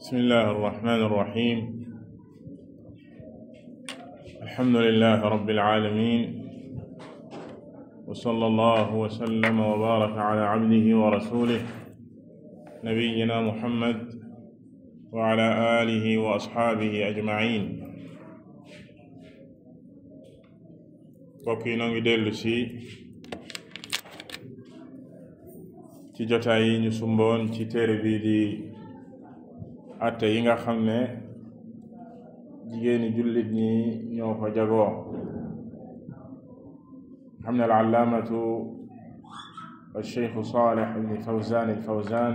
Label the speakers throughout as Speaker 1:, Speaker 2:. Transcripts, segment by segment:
Speaker 1: bismillahi arrahmani irrahim alhamdulilahi rabbil alamin wa sallallahu wa sallama wa baraka ala abdihi wa rasulih nabiyina muhammad wa ala alihi wa asxaabihi ajmain mbokk yi noo ngi dellu si ci jotaay yi ñu sumboon ci téere bii di atte yi nga xam ne jigéeni jullit ñi ñoo ko jagoo xam ne alallaamatu alcheikhu saleh ibni fawzan il fawzan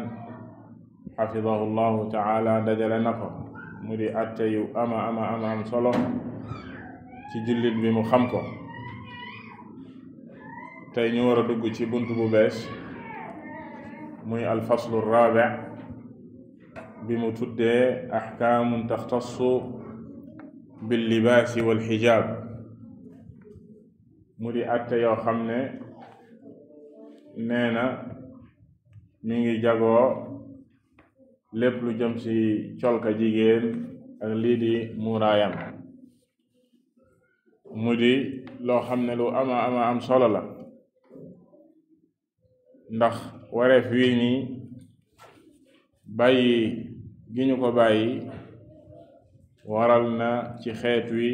Speaker 1: xafidahu llahu taala dajale na ko mu di atte yu ama ama ama am solo ci jullit bi mu xam ko tey ñu war a dugg ci bunt bu bees muy alfaslu raabi bi mu tuddee axkaamun taxtassu billibaasi walxijaab mu di atte yoo xam ne nee na mi ngi jagoo lépp lu jëm ci colka jigéen ak lii di muuraayam mu di loo xam ne lu ama ama am solo la ndax wareef wii nii gi ñu ko bàyyi waral na ci xeet wi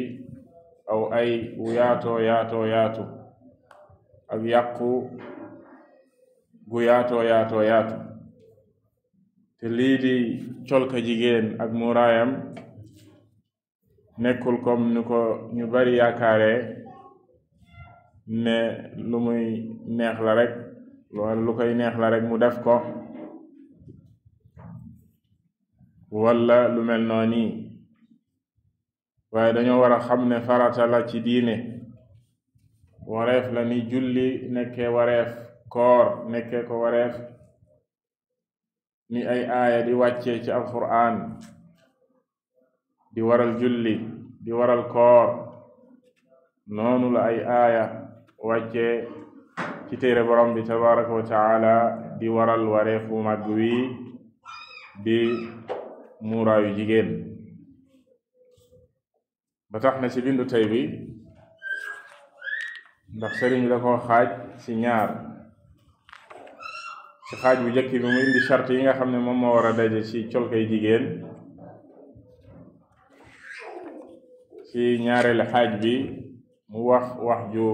Speaker 1: aw ay wu yaatoo yaatoo yaatu ak yàqu gu yaatoo yaatoo yaatu te lii di colka jigéen ak muraayam nekkul kom ni ko ñu bari yaakaare ne muy neex la rek loolu lu koy neex la rek mu def ko walla lu mel nooni waaye dañoo war xam ne farata la ci diine wareef la ni julli nekkee wareef koor nekkee ko wareef ni ay aaya di wàccee ci alqur'an di waral julli di waral koor noonu la ay aaya wàccee ci téere borom bi tabaraka wa di waral wareefu màgg wi di muuraayu jigéen ba tax na ci bindu tey bi ndax sëriñ da koo xaaj ci ñaar ci xaaj bu njëkk bi mu indi charte yi nga xam ne moom moo war a daje ci colkay jigéen ci ñaareelu xaaj bi mu wax wax ju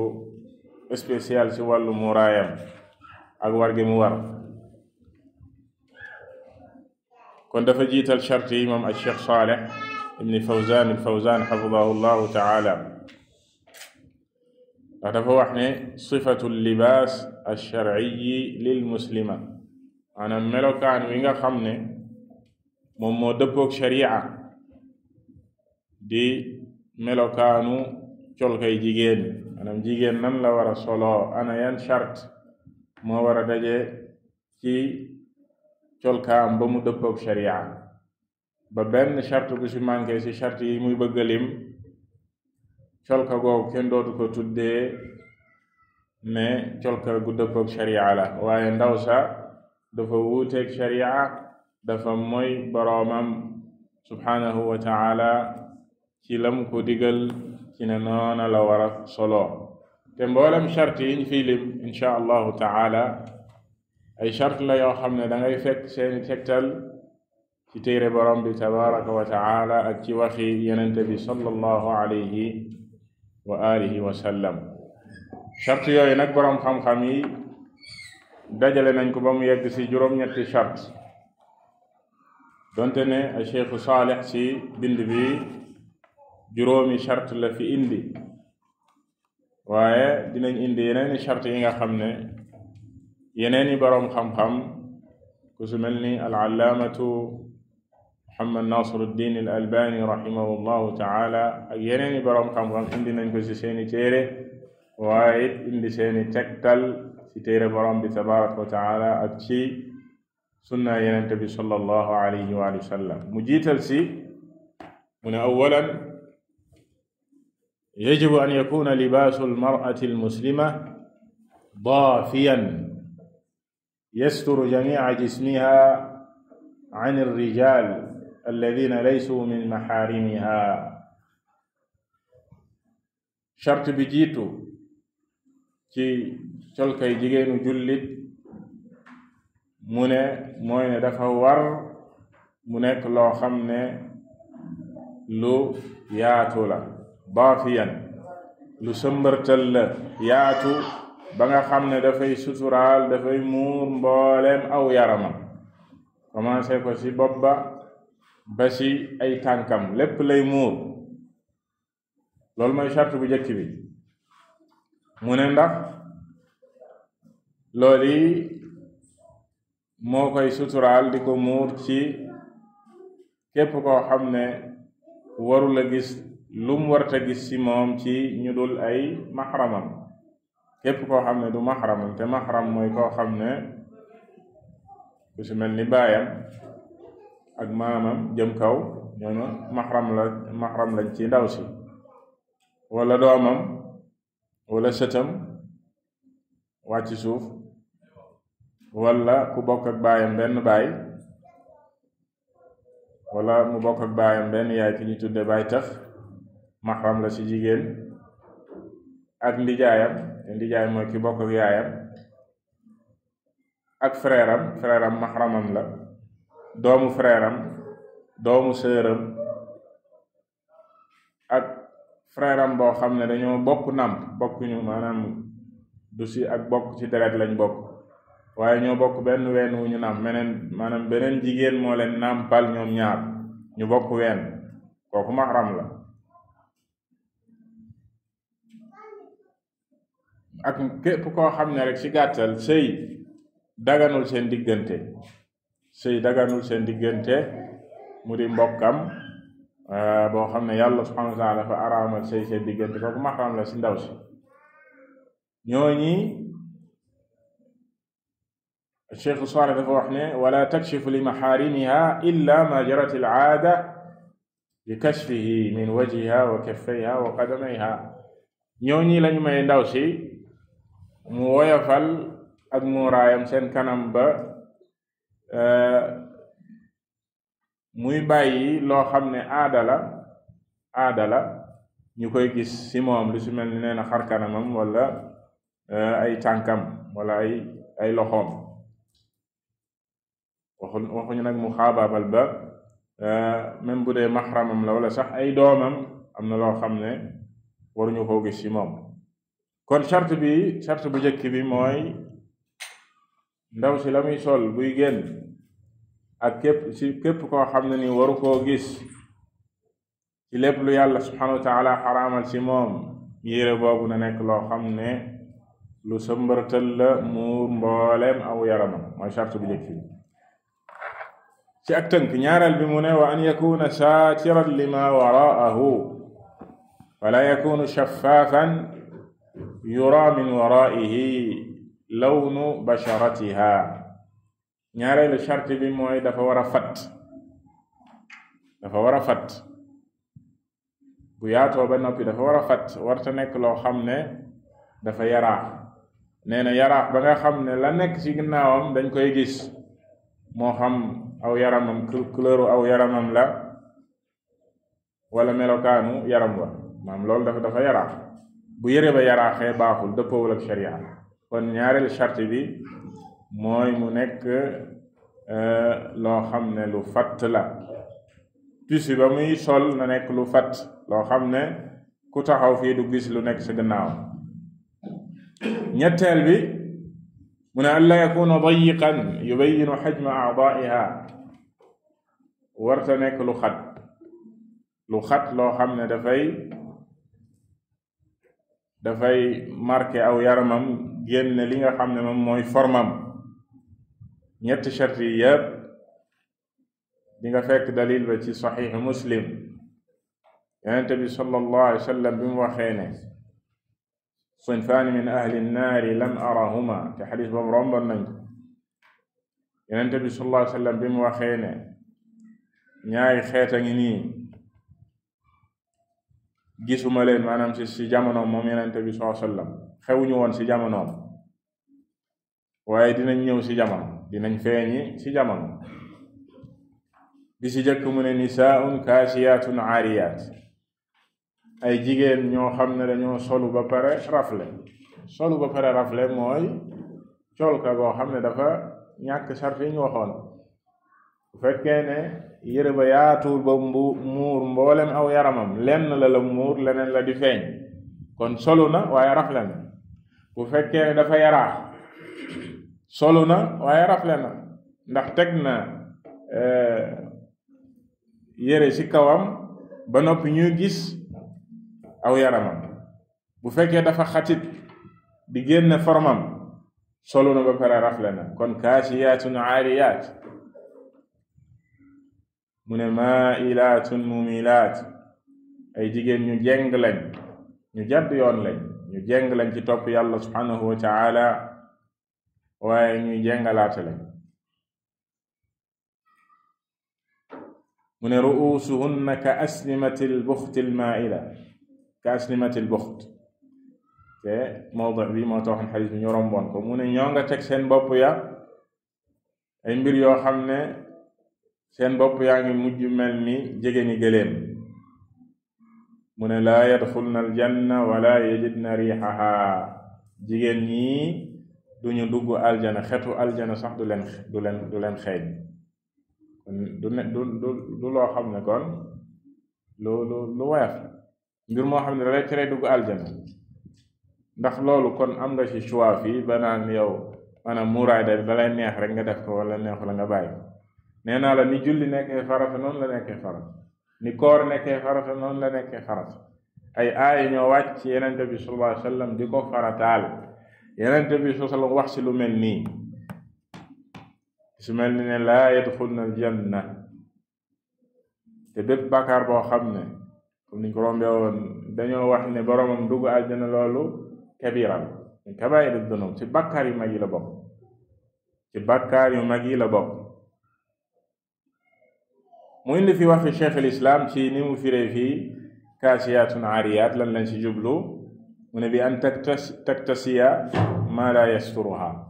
Speaker 1: spécial ci wàllu muuraayam ak war mu war dafa jiital charte yi moom ak Cheikh Saleh ibni Fawzan al Fawzan xafidahu llahu wax ne sifatu libaas alsharciyi lil muslima maanaam melokaan wi nga xam ne moom moo dëppoog sharia di melokaanu colkay jigéen maanaam jigéen nan la war a solo ana yan charte moo war a colkaam ba mu dëppoog sharia ba benn charte bu ci manqué ci charte muy bëgg a lim colka googu kenn dootu ko ne colka gu dëppoog sharia la waaye ndaw sa dafa wuuteeg sharia dafa mooy boroomam subhaanahu wa taala ci lam ko digal noona la war solo te mboolem charte yi ñu fi lim taala ay charte la yoo xam ne dangay ngay fekk seeni tegtal ci téere borom bi tabaraka wa taala ak ci waxi yenente bi sallallahu alayhi wa alihi wa sallam charte yooyu nag borom xam-xam yi dajale nañ ko ba mu yegg si juróom-ñetti charte donte ne a cheikhu saalix si bind bi juróomi charte la fi indi waaye dinañ indi yeneeni charte yi nga xam ne yeneen i boroom xam-xam ku su mel ni alallaamatu muhammad nasiruddin al albani rahimahu llahu taala ak yeneen i boroom xam-xam indi nañ ko ci seeni téere waaye it indi seeni tegtal ci téere boroom bi tabaraka wa taala ak ci sunna yenente bi sallallahu alayhi wa sallam mu jiital si mu ne awalan yajibu an yakuna libaasu almar'ati almuslima daafiyan يستر جميع جسمها عن الرجال الذين ليسوا من محارمها charte bi jiitu ci colkay jigéenu jullit mu ne mooy ne dafa war mu nekk loo xam ne lu yaatu la baafiyan lu sëmbërtal la yaatu ba nga xam ne dafay suturaal dafay muur mbooleem aw yaramam commencé ko ci bopp ba ba ci ay tànkam lépp lay muur loolu mooy charte bu njëkk bi mu ne ndax loolu yi moo koy suturaal di ko muur ci képp koo xam ne warul a gis lum warta gis ci moom ci ñu dul ay maxaramam képp koo xam ne du maxaramam te maxaram mooy koo xam ne ku mel ni baayam ak maamam jëm kaw ñooñu maxaram la maxaram lañ ci ndaw si wala doomam wala sëtam wàcc suuf wala ku bokk ak baayam benn baay wala mu bokk ak baayam benn yaay ki ñu tudde baay tax maxaram la si jigéen ak ndijaayam ndijaay mooy ki bokk ak yaayam ak frère am frère la doomu frère doomu sœur ak frère boo xam ne dañoo bokk nàmp bokkuñu maanaam du si ak bokk ci deret lañ bokk waaye ñoo bokk benn ween wu ñu nàmp meneen maanaam beneen jigéen moo leen nàmpal ñoom ñaar ñu bokk ween kooku maxram la ak ko koo xam ne rek ci gàttal sëy daganul seen diggante sëy daganul seen diggante mu di mbokkam euh, boo xam ne yàlla subhanahu wa taala dafa araamal sëy seen diggante la ci ndaw si ñooñi cheikh Saalih dafa wax ne wala takshifu li maxaarimiha illa ma jarat al aada bi kashfihi min wajhiha wa kaffayha wa qadamayha ñooñi lañu may ndaw si mu woyofal ak muuraayam seen kanam ba e, muy bàyyi loo xam ne aada la aada la ñu koy gis si moom lu si mel ni nee na xar kanamam wala e, ay tànkam wala ay ay loxoom waxu waxuñu nag mu xaabaabal ba e, même bu dee maxramam la wala sax ay doomam am na loo xam ne waruñu koo gis si moom kon charte bi charte bu njëkk bi mooy ndaw si la muy sol buy génn ak képp ko képp xam ne ni waru koo gis ci lépp lu yàlla subhanahu wa taala xaraamal si moom yére boobu na nekk loo xam ne lu sëmbartal la muur mbooleem aw yaramam mooy charte bu njëkk bi ci ak tënk bi mu ne wa an yakuna saatiran lima waraahu wala yakunu shaffafan yura min waraihi lawnu basharatiha ñaareelu charte bi mooy dafa war a fat dafa war a fat bu yaatoo ba noppi dafa war a fat warta nekk loo xam ne dafa yaraax nee na yaraax ba nga xam ne la nekk ci ginnaawam dañ koy gis moo xam aw yaramam couleur aw yaramam la wala melokaanu yaram wa maam loolu dafa dafa yaraax bu yére ba yaraaxee baaxul dëppoowul ak sharia kon ñaareel charte bi mooy mu nekk euh, loo xam ne lu fatt la tusi ba muy sol na nekk lu fatt loo xam ne ku taxaw fii du gis lu nekk sa gannaaw ñetteel bi mu ne alla yakuna dayiqan yubayinu xajma aadaiha warta nekk lu xat lu xat loo xam ne dafay dafay marqué aw yaramam génne li nga xam ne moom mooy formam ñetti charte yi yëpp li nga fekk dalil ba ci saxiixu muslim yonente bi sallallahu alayhi wa sallam bi mu waxee ne sinfaani min ahli nnaari lam arahuma te xadis boobu romboon nañ ko yonente bi sallallahu alayhi wa sallam bi mu waxee ne ñaari xeet ngi nii gisuma leen maanaam si si jamonoom moom yenente bi sallallahu alayhi wasallam xewuñu woon si jamonoom waaye dinañ ñëw si jamono dinañ feeñi si jamono di si jëkk mu ne nisaa'un kaasiyaatun aariyaat ay jigéen ñoo xam ne dañoo solu ba pare rafle solu ba pare rafle mooy colka boo xam ne dafa ñàkk sarfi ñu waxoon bu fekkee ne yére ba yaatuwul ba mbu muur mboolem aw yaramam lenn la la muur leneen la di feeñ kon solu na waaye rafle na bu fekkee ne dafa yaraax solu na waaye rafle na ndax teg na e, yére ci kawam ba noppi ñuy gis aw yaramam bu fekkee dafa xatit di génn formam solu na ba pare rafle na kon kaasiyaatun aariyaat mune ne mailatun mumilaat ay jigéen ñu jeng lañ ñu jadd yoon lañ ñu jeng lañ ci topp yàlla subhanahu wa taala waaye ñuy jengalaate lañ mu ne ru'usuhunna ka aslimati lbuxti lmaila ka aslimati lbuxt te mawdu bi moo taxoon xadis ñu romboon ko mu ne ñoo nga seen bopp ya ay mbir yoo xam ne seen bopp yaa ngi mujj mel ni jege ni gëléem mune ne laa yadxulna aljanna wala yajidna rixaha jigéen ñi duñu dugg aljana xetu aljana sax du leen du leen leen xeeñ du loo xam ne kon lu lu lu woyof mbir moo xam ne da lay tere dugg aljana ndax loolu kon am nga ci choix fii ba naan yow maanaam muuraay da da lay neex rek nga def ko wala neexu la nga bàyyi nee naa la ni julli nekkee farata noonu la nekkee farata ni koor nekkee farata noonu la nekkee farata ay aaya ñoo wàcc ci yenente bi sallallahu alayhi di ko farataal yenente bi sallallahu wax ci lu mel nii su mel ni ne laa yadxulna aljanna te bépp bàkkaar boo xam ne comme niñ ko rombee woon dañoo wax ne boromam dugg aljana loolu kabiral kabair dunub ci bàkkaar yu mag yi la bokk ci bàkkaar yu mag yi la bokk mu indi fi wax fi cheikh al ci ni mu firee fii kaasiyaatun aariyaat lan lañ ci jublu mu ne bi an taktas taktasiya maa laa yasturuha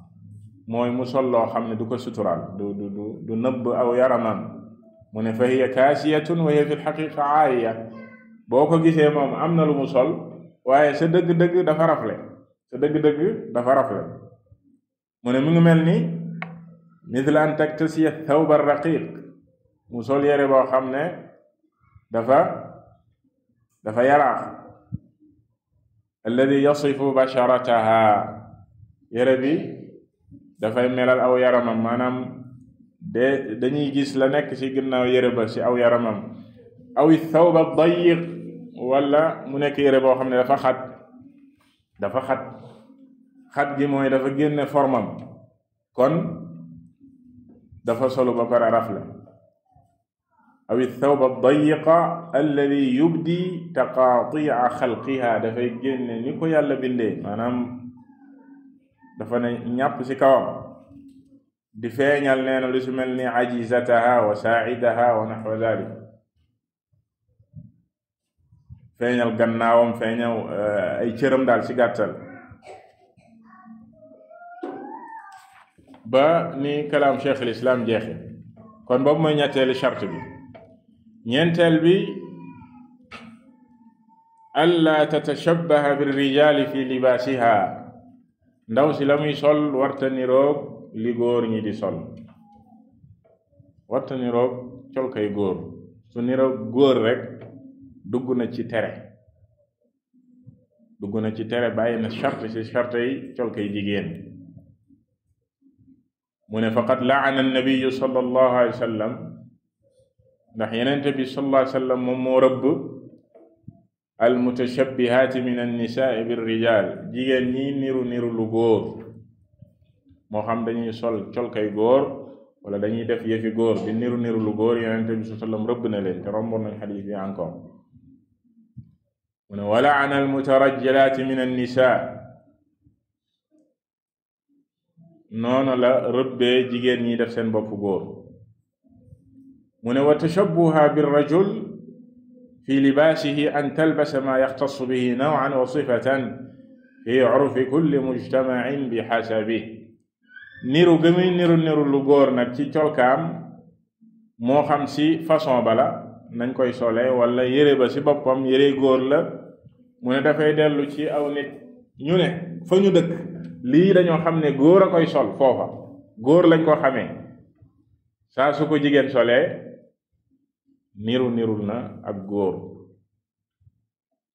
Speaker 1: mooy mu sol loo xam ne du ko suturaal du du du nëbb aw yaramam mu ne fa hiya kaasiyatun wa hiya fi lxaqiqa aariya boo ko gisee moom am na lu mu sol waaye sa dëgg-dëgg dafa rafle sa dëgg-dëgg dafa rafle mu ne mu ngi mel ni mithla an taktasiya thawba raqiq mu sol yére boo xam ne dafa dafa yaraax alladi yasifu basharataha yére bi dafay melal aw yaramam maanaam de dañuy gis la nekk ci ginnaaw yére ba ci aw yaramam aw saw thawba dayiq wala mu nekk yére boo xam ne dafa xat dafa xat xat gi mooy dafa génne formam kon dafa solu ba pare rafle aw thawba dayiqa alladi yubdi taqaatia xalqiha dafay génne ni ko yàlla bindee maanaam dafa ne ñàpp ci kawam di feeñal nee na lu si mel ni ajizataha wa saacidaha wa naxwa dalik feeñal gannaawam feeñal eh, ay cëram daal ci gàttal ba ni kalaam cheikh al islam jeexe kon boobu mooy ñetteeli charte bi ñeenteel bi allaa tatashabbaha birrijali fi libaasiha ndaw si la muy sol warta niroog li góor ñi di sol warta niroog col kay góor su niroog góor rek dugg na ci tere duggu na ci tere bàyyi na charte si charte yi col jigéen mu ne faqad laana annabiyu sallallahu alayhi wa sallam ndax yenente bi sallallahu alayhi wa sallam moom moo rëbb al mutashabbihaati min annisaai birrijal jigéen ñi niru niru lu góor moo xam dañuy sol colkay góor wala dañuy def yëfi góor di niru niru lu góor yenente bi sallallahu alayhi wa sallam rëbb na leen te romboon nañ xadiis yi encore mu ne wala an al mutarajjilaati min annisaa la rëbbee jigéen ñi def seen boppu góor mu ne wa tashabbuha birrajul fi libaasihi an talbasa maa yaxtassu bihi nawcan wa sifatan fi curfi kulli mujtamacin bi xasabi niru gëmuy niru niru lu góor nag ci colkaam moo xam si façon bala nañ koy sole wala yére ba si boppam yére góor la mu ne dafay dellu ci aw nit ñu ne fa ñu dëkk lii dañoo xam ne góor a koy sol foofa góor lañ koo xamee saa su ko jigéen solee niru nirul na ak góor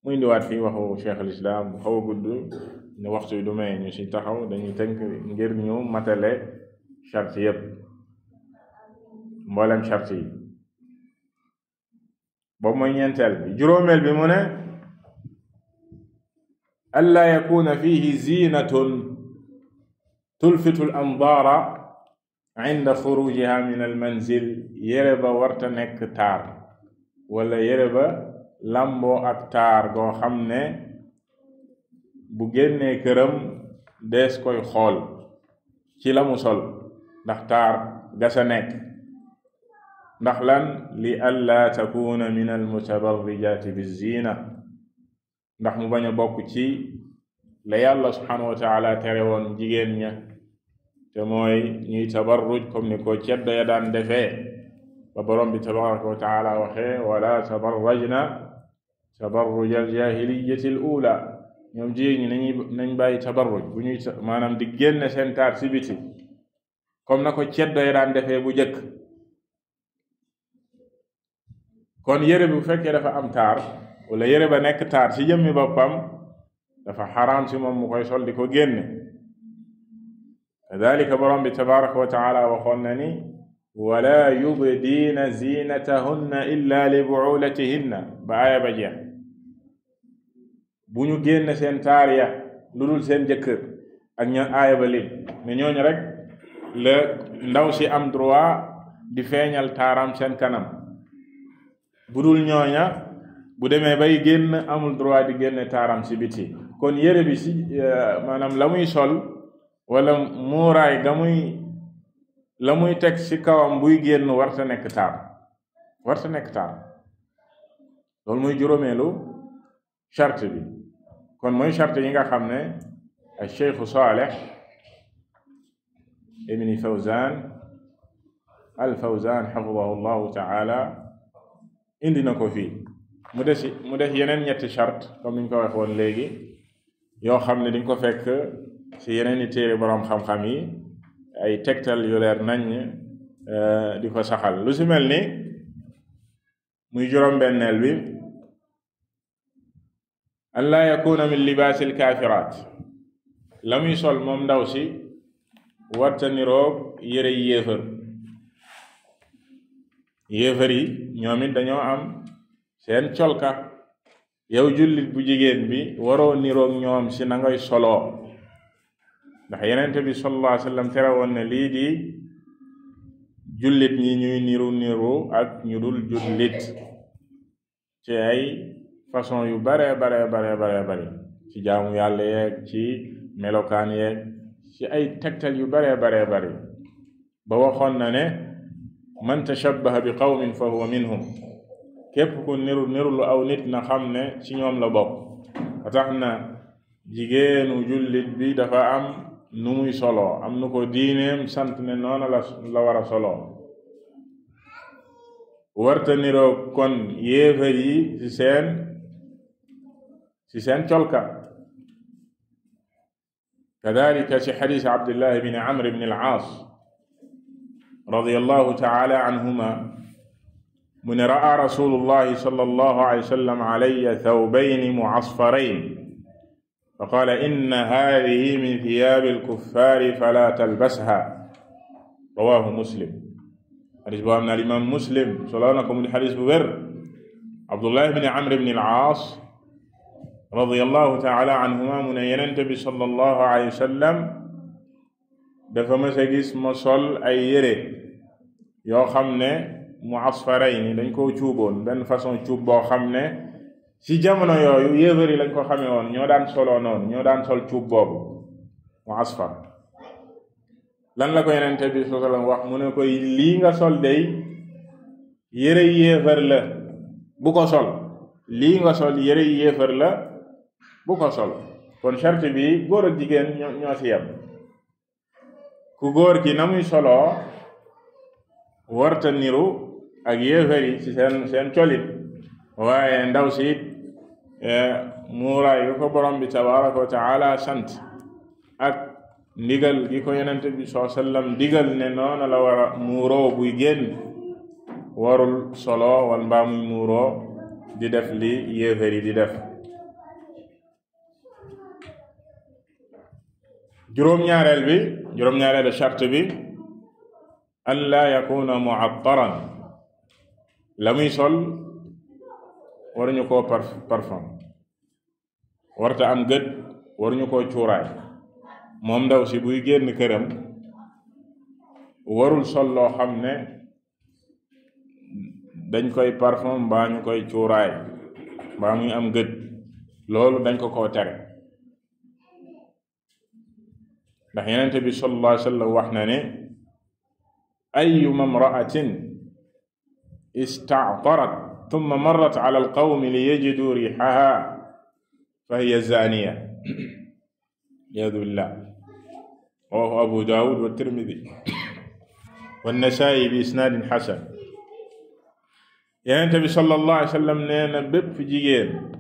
Speaker 1: mu indiwaat fii waxu cheikh al islam bu xaw a gudd ne waxtu du may ñu ci taxaw dañuy tënk ngir ñu matale charte yépp mboolem charte yi boobu mooy ñeenteel bi juróomeel bi mu ne allaa yakuna fihi zinatun tulfitu al inda xurujiha min al manzil yére ba warta nekk taar wala yére ba lamboo ak taar goo xam ne bu génnee këram des koy xool ci la mu sol ndax taar gasa nekk ndax lan li alla takuna min al mutabarrijati bizina ndax mu bañ bokk ci la yàlla subhanahu tere woon jigéen ña te mooy ñuy tabarruj comme ni ko ceddo ya daan defee ba borom bi tabaraka wa taala waxee wala tabarrajna tabarruj al jahiliyati al ula ñoom jigéen ñi nañuy nañ bàyyi tabarruj bu ñuy maanaam di génne seen taar si biti comme na ko ceddo ya daan defee bu jëkk kon yére bu fekkee dafa am taar wala yére ba nekk taar si jëmmi boppam dafa xaraam si moom mu koy sol di ko génne dalika borom bi tabaraka wa taala waxoon na ni wala yubdiina ziinatahunna illa li buulatihinna ba aaya ba jeex bu ñu génn seen taar lu dul seen jëkkër ak ña aaya ba ne ñooñu rek la ndaw si am droit di feeñal taaram seen kanam bu dul ñooña bu demee bay génn amul droit di génne taaram si biti kon yére bi si maanaam la muy sol wala muuraay ga la muy teg ci kawam buy génn warta nekk taar warta nekk taar loolu muy juróomeelu chart bi kon mooy charte yi nga xam ne ay cheikhu Salih ibni Fawzan al Fawzan xafidahu llahu taala indi na ko fii mu des mu des yeneen ñetti chart comme niñ ko wax woon léegi xam ne diñ ko fekk ci yeneeni téere boroom xam-xam yi ay tegtal yu leer nañ eh, di ko saxal lu si mel ni muy juróom-benneel bi an laa yakuna min libaasil kaafiraat la sol moom ndaw si warta niroog yëre yéefar yéefar yi ñoomit dañoo am seen colka yow jullit bu jigéen bi waroo niroog ñoom si na ngay soloo yeneen te bi sallallahu alayhi wa sallam tere woon ne lii di jullit ñi ñuy niru niru ak ñu dul jullit ci ay façon yu bare bare bare bare bare ci jaamu yàlla yeeg ci melokaan yeeg ci ay tegtal yu bare bare bari ba waxoon na ne man tashabbaha bi qawmin fa huwa minhum képp ku niru niru lu aw nit na xam ne ci ñoom la bokk ba tax na jigéenu jullit bi dafa am nu muy solo am na ko diineem sant ne noona la la war a solo warta niroo kon yéefar yi ci seen ci seen colka kadalika ci xadis abdullah bni amr bni al-aas radiyallahu taala anhuma mu ne ra'a rasulullahi sallallahu alayhi wa sallam alayya thawbayni mu'asfarayn fa qaala inna haadihi min thiyaabi alkuffaari fala talbasha rawahu muslim xadis boo xam ne alimaam muslim soloo na ko mu di xadis bu wér abdullah ibni amr ibni alaas radiyallahu taala anhuma mu ne yenente bi sallallahu alayhi wa sallam dafa mës a gis ma sol ay yére yoo xam ne mu asfarayn dañ koo cuuboon benn façon cuub boo xam ne si jamono yooyu yéefar yi lañ ko xamee woon ñoo daan soloo noon ñoo daan sol cuub boobu mu asfar lan la ko yenente bi sallallahu alayhi wax mu ne koy lii nga sol day yëre yéefar la bu ko sol lii nga sol yëre yéefar la bu ko sol kon charte bi góor ak jigéen ñoo si yem ku góor ki na muy solo warta niru ak yéefar yi seen seen colit waaye ndaw si E, muuraay ko borom bi tabaraka wa taala sant ak ndigal gi ko yonente bi saa sallam digal ne noona la war a muuroo buy génn warul solo wal mbaa muy muuroo di def li yéeféri di def juróom-ñaareel bi juróom-ñaareelu bi an laa yakuna muattaran la muy sol waruñu koo parfum warta am gët waruñu ko cuuraay moom ndaw si buy génn këram warul sol loo xam ne dañ koy parfum mbaa ñu koy cuuraay mbaa muy am gët loolu dañ ko ko tere ndax yenente bi sallallahu alayhi wax na ne ayuma mraatin istactarat tumma marrat ala alqawmi li yajidu rixaha fa hiya zaniya iyadu billah rawahu abu daawud wa tirmidi wa nasaa'i bi isnaadin xasan yonent bi sallallahu alayhi wa sallam nee na bépp jigéen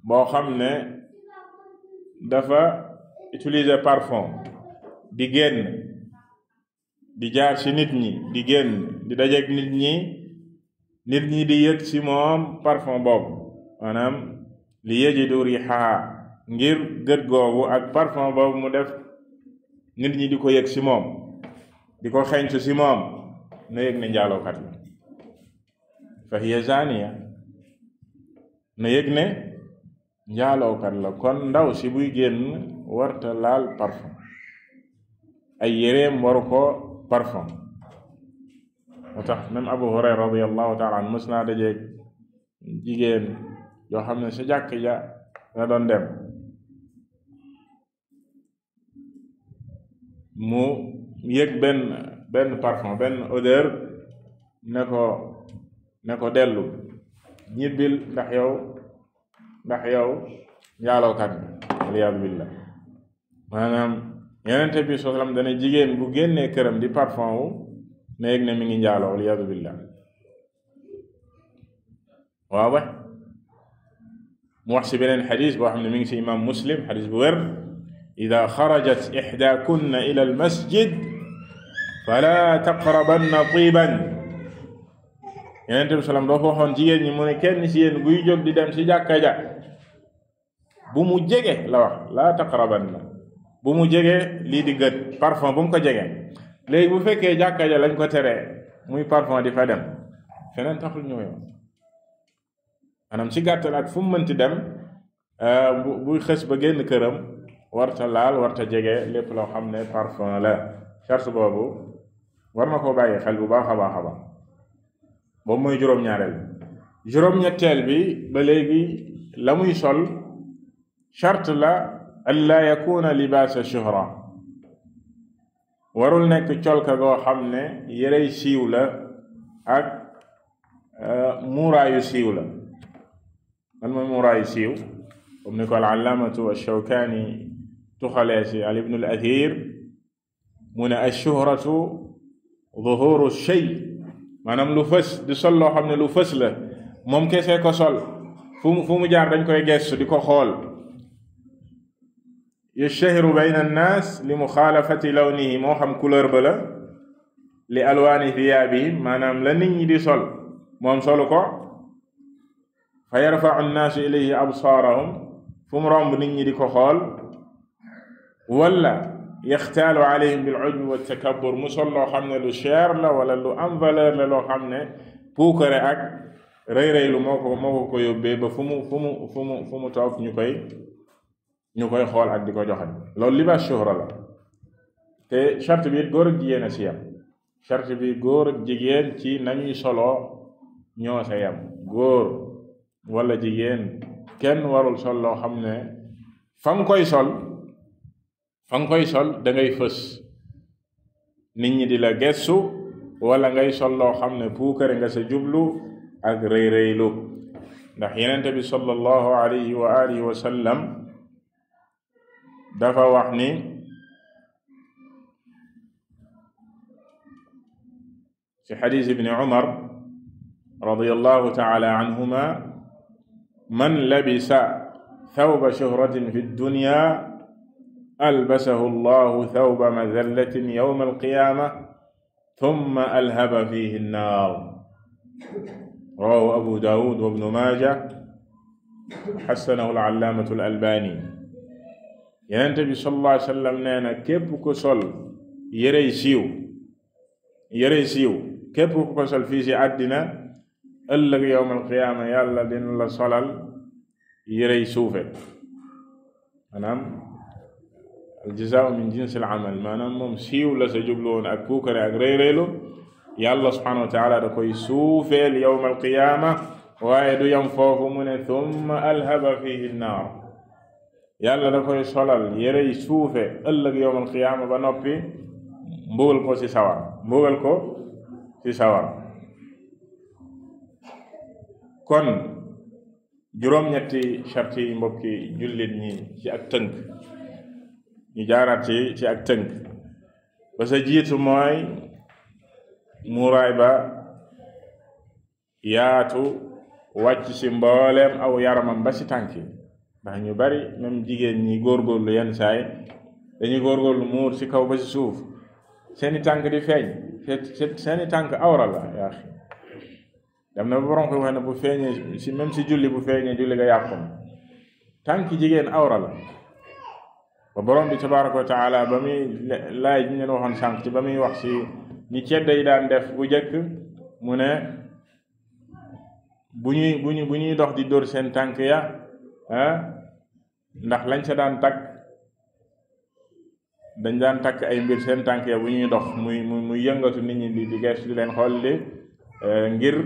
Speaker 1: boo xam ne dafa utiliser parfum di génn di jaar ci nit ñi di gén di dajeek nit ñi nit ñi di yëg ci moom parfum boobu maanaam li yajidu rihaa ngir gët googu ak parfum boobu mu def nit ñi di ko yëg ci moom di ko xeeñtu si moom na yëg ne njaalookat la fa hiya zaniya na ne njaalookat la kon ndaw si buy génn warta laal parfum ay yéreem waru parfum moo tax même Abu Hurayra radiallahu taala an mës naa dajeeg yoo xam ne sa jàkk ja na doon dem mu yëg benn benn parfum benn odeur ne ko ne ko dellu ñibbil ndax yow ndax yow njaalookat bi aliyaadu billah maanaam yenente bi dana jigéen bu génnee këram di parfum wu ne yëg ne mi ngi njaaloo aliyaadu billah ba mu wax si beneen xadis boo xam ne mi ngi si imam muslim xadis bu wér ida xarajat ixdaakunna ila almasjid fala taqrabanna tiiban yonent bi salaam dafa waxoon jigéen ñi mu ne kenn si yéen guy jóg di dem si jàkka ja bu mu jege la wax laa taqrabanna bu mu jege lii di gët parfum bu mu ko jege léegi bu fekkee jàkka ja lañ ko tere muy parfum di fa dem feneen taxul ñëw yoon maanaam ci gàttal ak fu mu mënti dem euh, bu buy xës ba génn këram warta laal warta jege lépp loo xam ne parfum la charte boobu war na ko bàyyi xel bu baax a baax a baax boobu mooy juróom-ñaareel juróom-ñetteel bi ba léegi la muy sol charte la an laa yakuna libaasa shuhra warul nekk colka goo xam ne yërey siiw la ak euh, muuraayu siiw la man mooy muraay siiw comme ni al allaamatu ashawkaani tuxalee ci al ibnu al athir mu ne ashuhratu duhuru shay maanaam lu fës di sol loo xam ne lu fës la moom kese ko sol fu mu fu mu jaar dañ koy gestu di ko xool yashtahiru bayna annaas li muxaalafati lawnihi moo xam couleur ba la li alwaani thiyaabihim maanaam la nit ñi di sol moom solu ko fa yarfau nnaasu ilayhi absaarahum fu mu romb nit ñi di ko xool wala yaxtaalu alayhim bil ujbi wa takabbur mu sol loo xam ne lu cher la wala lu am valeur la loo xam ne puukare ak rëy lu moo ko moo ko ko yóbbee ba fu mu fu mu fu toog ñu koy ñu koy xool ak di ko joxe loolu libaas shuhra la te charte bi it góor ak jigéen a si yam charte bi góor ak jigéen ci nañuy solo ñoo sa yam góor wala jigéen kenn warul sol loo xam ne fan koy sol fa koy sol da ngay fës nit ñi di la gestu wala ngay sol loo xam ne puukare nga sa jublu ak rëy rëylu ndax yenente bi sallallahu alayhi wa alihi wa sallam dafa wax ni ci xadis ibni umar radiyallahu taala anhuma man labisa thawba shuhratin fi dunya albasahu allahu thawba mazallatin yawma alqiyama thumma alhaba fihi nnaar rawahu abu dawud wa ibnu maaja xassanahu alallaamatu alalbaani yenente bi sallallahu alayhi wa sallam nee na képp ku sol yërey siiw yërey siiw képp ku ko sol fii si àddina ëllëg yawma alqiyaama yàlla dina la solal yërey suufe maanaam aljazaau min jinsi al amal maanaam moom siiw la sa jublu ak puukare ak réy-réylu yàlla subhanahu taala da koy suufeel yowma alqiyaama waaye du yam foofu mu ne thumma alhaba fihi nnaar yàlla da koy solal yërey suufe ëllëg yowma alqiyaama ba noppi mbugal ko ci sawar mbugal ko ci sawar kon juróom-ñetti charte yi mbokki jullit ñi ci ak tënk ñu jaaraat ci ci ak tënk ba sa jiitu mooy muraay ba yaatu wàcc ci mboolem aw yaramam ba ci tànk yi ñu bari même jigéen ñi góorgóorlu yenn saay dañuy góorgóorlu muur ci kaw ba ci suuf seeni tànk di feeñ seeni tànk awra dem na ba borom ko wax ne bu feeñee si même si julli bu feeñee julli nga yàqum tànk jigéen awra la ba borom bi tabaraka wa taala ba muy laaj ñu leen waxoon sànq ci ba muy wax si ñi cedda yi daan def bu jëkk mu ne bu ñuy bu ñuy dox di dóor seen tànk ya ah, ndax lañ sa daan takk dañ daan takk ay mbir seen tànk ya bu ñuy dox muy muy muy yëngatu nit ñi di di leen xool di eh, ngir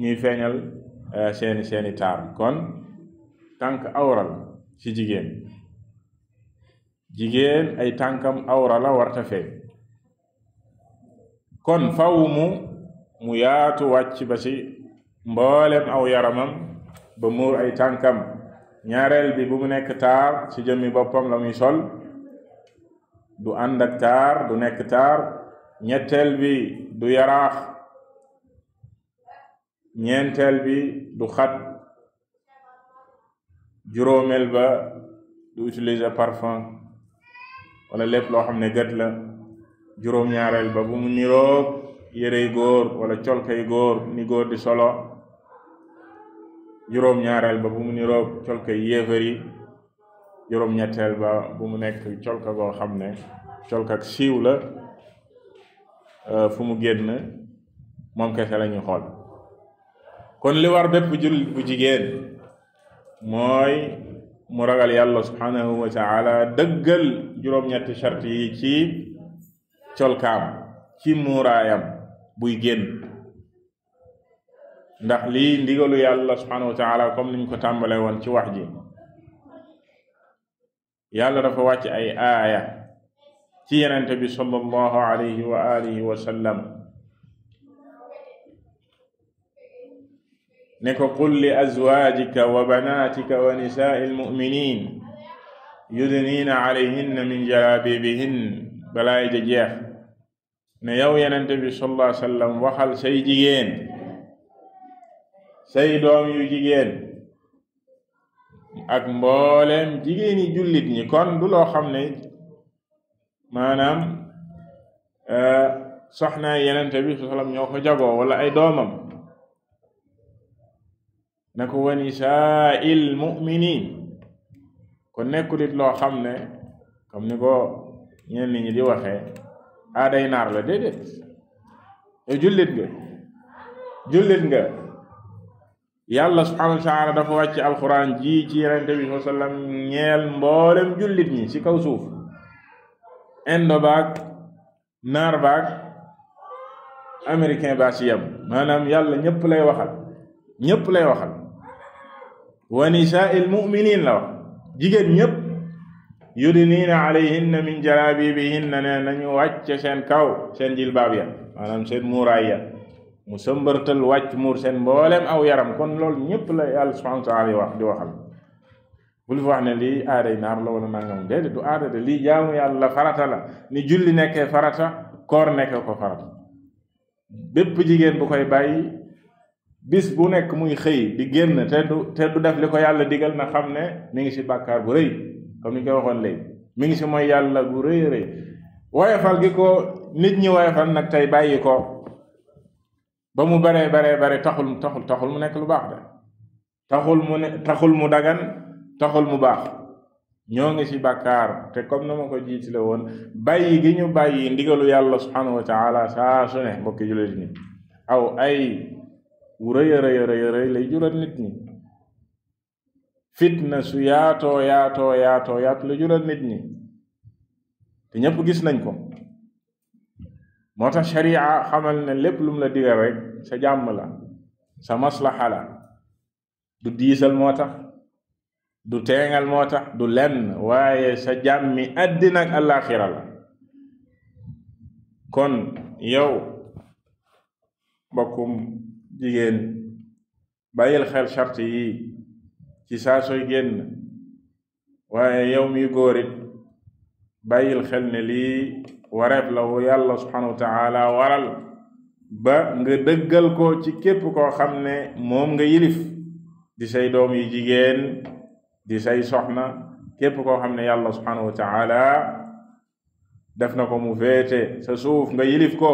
Speaker 1: ñuy feeñal eh, seeni seeni taar kon tànk awra la ci jigéen jigéen ay tànkam awra la warta feeñ kon fawmu mu mu yaatu wàcc ba ci mboolem aw yaramam ba muur ay tànkam ñaareel bi bu nekk taar ci jëmmi boppam la muy sol du ànd taar du nekk taar ñetteel bi du yaraax ñeenteel bi du xat juróomeel ba du utiliser parfum wala lépp loo xam ne gët la juróom-ñaareel ba bu mu niroog yërey góor wala colkay góor ni góor di solo juróom-ñaareel ba bu mu niroog colkay yéefar juróom-ñetteel ba bu mu nekk colka goo xam ne colkak siiw la fu mu génn moom kese la xool kon li war bépp jullit bu jigéen mooy mu ragal yàlla subhanahu wa taala dëggal juróom-ñetti chart yi ci colkaam ci muuraayam buy génn ndax li ndigalu yàlla subhanahu wa taala comme niñ ko tàmbale woon ci wax ji yàlla dafa wàcc ay aya ci yenente bi sallallahu alayhi wa alihi wa sallam ne ko qul li azwaajika wa banaatika wa nisaa'i almu'miniin yudniina alayhinna min jalaabibihin balaay ja jeex ne yow yenente bi sallallahu alayhi wa sallam waxal say jigéen say doom yu jigéen ak mbooleem jigéeni jullit ñi kon du loo xam ne maanaam eh, soxnaay yenente bi sallallahu alayhi wa sallam ñoo wala ay doomam ne ko wa nisaa'il mu'minin kon nekkul it loo xam ne comme ni ko ñenn ñi di waxee aaday naar la déedéet yow jullit nga jullit nga yàlla subhanahu wa dafa wàcc alxuraan ji ci yenente bi sallallahu alayhi ñeel mboolem jullit ñi ci kaw suuf indo baag naar baag américain baa ci yam maanaam yàlla ñëpp lay waxal ñëpp lay waxal wa nisaa'il mu'miniin la wax jigéen ñépp yudniina alayhinna min jalaabibihinna ne nañu wàcc seen kaw seen jilbaab ya maanaam seen muuraay ya mu sëmbërtal wàcc muur seen mbooleem aw yaram kon lool ñépp la yàlla subhaanahu wa taala wax di waxal bul fi wax ne lii aaday naar la wala nangam déedéet du aada de lii jaamu yàlla farata la ni julli nekkee farata koor nekkee ko farata bépp jigéen bu koy bàyyi bis bu nekk muy xëy di génn te du te du def li ko yàlla digal na xam ne mu ngi ci bàkkaar bu rëy comme ni ñu ko waxoon léegi mi ngi ci mooy yàlla bu rëy rëy woyofal gi ko nit ñi woyofal nag tey bàyyi ko ba mu baree baree bare taxul taxul taxul mu nekk lu baax de taxul mu ne taxul mu dagan taxul mu baax ñoo ngi ci bàkkaar te comme na ma ko jiitile woon bàyyi gi ñu bàyyi ndigalu yàlla subhanahu wa taala saa su ne mbokki jullit ni aw ay wu rëy a rëy a a nit ñi fitna su yaato yaato yaatoo yaatu la jural nit ñi te ñëpp gis nañ ko moo tax sharia xamal ne lépp lum la digal rek sa jàmm la sa maslaxa la du diisal moo tax du teengal moo tax du lenn waaye sa jàmmi àddina ak àllaaxira la kon yow mbokkum jigéen bàyyil xel charte yi ci saa sooy génn waaye yow yi góor it bàyyil xel ne lii wareef la wu yàlla subhanahu wa taala waral ba nga dëggal ko ci képp koo xam ne moom nga yilif di say doom yi jigéen di say soxna képp koo xam ne yàlla subhanahu wa taala def na ko mu féete sa suuf nga yilif ko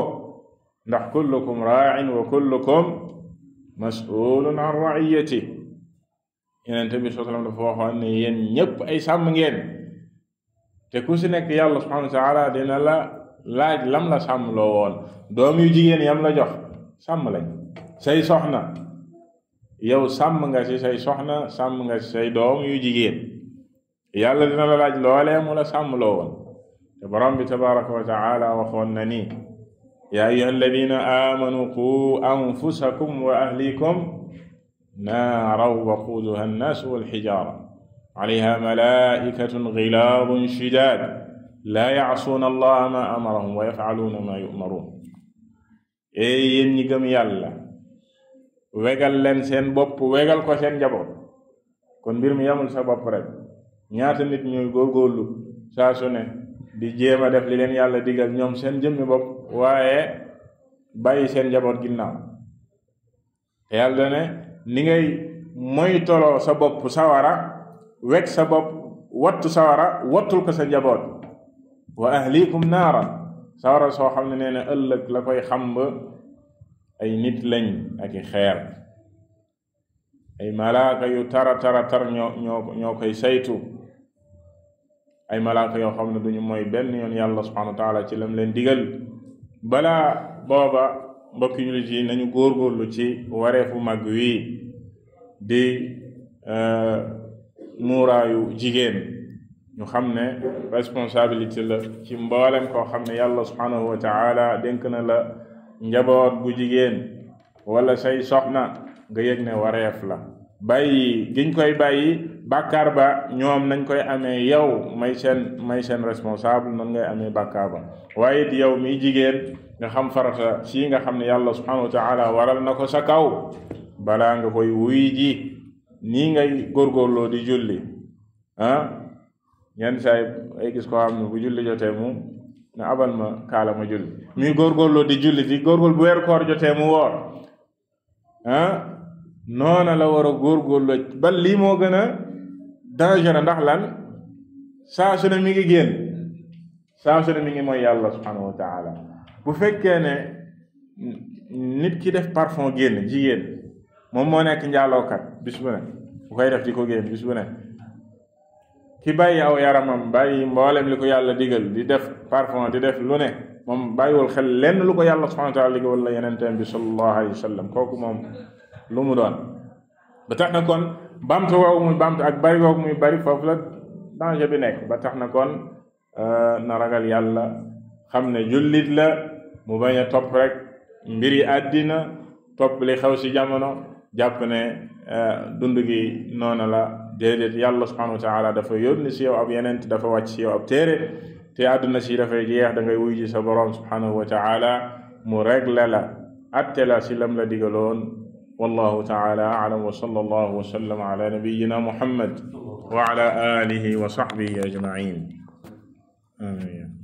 Speaker 1: ndax kullukum raa'in wa kullukum mas'ulun an ra'iyati yeneen tamit soo salaam dafa waxoon ne yéen ñépp ay sàmm ngeen te ku si nekk yàlla subhanahu wa taala dina la laaj lam la sàmm loo woon doom yu jigéen yam la jox sàmm lañ say soxna yow sàmm nga si say soxna sàmm nga si say doom yu jigéen yàlla dina la laaj loolee mu la sàmm loo woon te borom bi tabaraka wa taala waxoon na nii yaa ayyuha alladina amanu qu anfusakum wa ahlikum naaraw wa quuduha annaasu walxijaara alayha malaikatun gilaadun shidaad laa yacsuuna allaha maa amarahum wa yafcaluuna maa yu'maruun ey yéen ñi gëm yàlla wegal leen seen bopp wegal ko seen njaboot kon mbir mi yamul sa bopp rek ñaata nit ñuy góorgóorlu saa su ne di jéem a def li leen yàlla digal ñoom seen jëmmi bopp waaye bàyyi seen njaboot ginnaaw yàlla ne ni ngay moytoloo sa bopp sawara wekk sa bopp wattu sawara wattul ko sa njaboot wa ahlikum naara sawara soo xam ne nee na ëllëg la koy xamb ay nit lañ ak i xeer ay malaaka yu tara tara tar ñoo koy saytu ay malaaka yoo xam ne duñu mooy benn yoon yàlla subhanahu wa taala ci lam leen digal balaa booba mbokki jullit yi nañu góorgóorlu ci wareefu mag wii di euh, muuraayu jigéen ñu xam ne responsabilité la ci mboolem koo xam ne yàlla subhaanahu wa taala dénk na la njaboot bu jigéen wala say soxna nga yëg ne wareef la bàyyi giñ koy bàyyi bàkkaar ba ñoom nañ koy ame yow may seen may seen responsable noonu ngay amee bàkkaar ba waaye di yow miy jigéen nga xam farata sii nga xam ne yàlla subhanahu wa taala waral na ko sa kaw balaa nga koy wuy ji nii ngay góorgóorloo di julli ah yenn saa ay gis ko xam ne bu julli jotee mu na abal ma kaala ma julli muy góorgóorloo di julli di góorgóor bu weer koor jotee mu woor ah? noona la war a góorgóorloo ba lii gën dangereux ndax lan saa su ne mi ngi génn saa su ne mi ngi mooy yàlla subhanahu wa bu fekkee ne nit ki def parfum génn jigéen moom moo nekk njaalookat bis bu ne bu koy def di ko génn bis bu ne ki bàyyi aw yaramam bàyyi mboolem li ko yàlla digal di def parfum di def lu ne moom bàyyiwul xel lenn lu ko yàlla subhanahu wa taala digal yeneen teen bi sallallahu alayhi wa kooku moom lu mu doon ba tax na kon bamtu woowu muy bamtu ak bari woowu bari foofu la danger bi nekk ba tax na kon euh, na ragal yàlla xam ne jullit la mu bañ a topp rek mbiri àddina topp li xew si jamono jàpp ne euh, dund gi noona la déedéet yàlla subhanahu wa taala dafa yónni si yow ab yeneen dafa wàcc si ab téere te àdduna si dafay jeex da ngay wuy ji sa boroom subhanahu wa mu regle la atte la si lam la digaloon wallahu taala alam wa sallallahu wa sallam ala nabiyyina muhammad wa ala alihi wa sahbihi ajmain amin